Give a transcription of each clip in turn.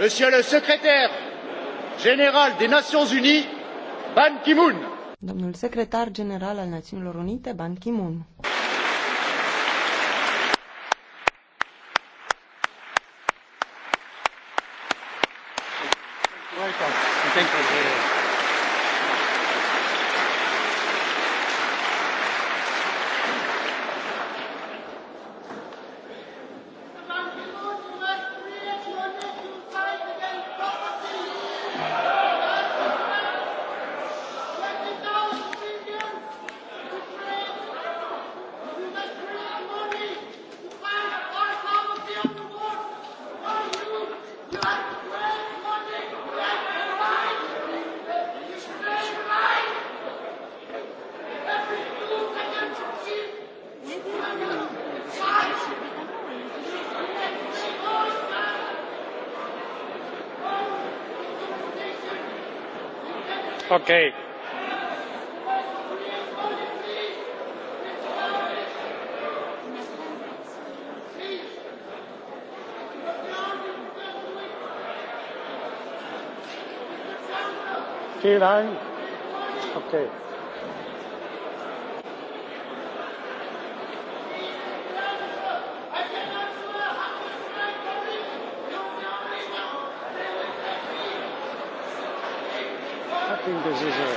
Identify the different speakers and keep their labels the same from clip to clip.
Speaker 1: Monsieur le secrétaire général des Nations Unies, Ban Ki-moon. Domnul
Speaker 2: secretar general al Națiunilor Unite, Ban Ki-moon.
Speaker 3: Thank you.
Speaker 4: Ok.
Speaker 5: Vielen Dank. Okay.
Speaker 6: acting decision.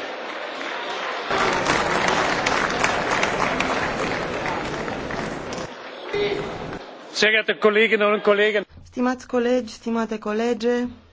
Speaker 7: Sehr geehrte Kolleginnen und Kollegen!
Speaker 8: Stimați colegi, stimate colege,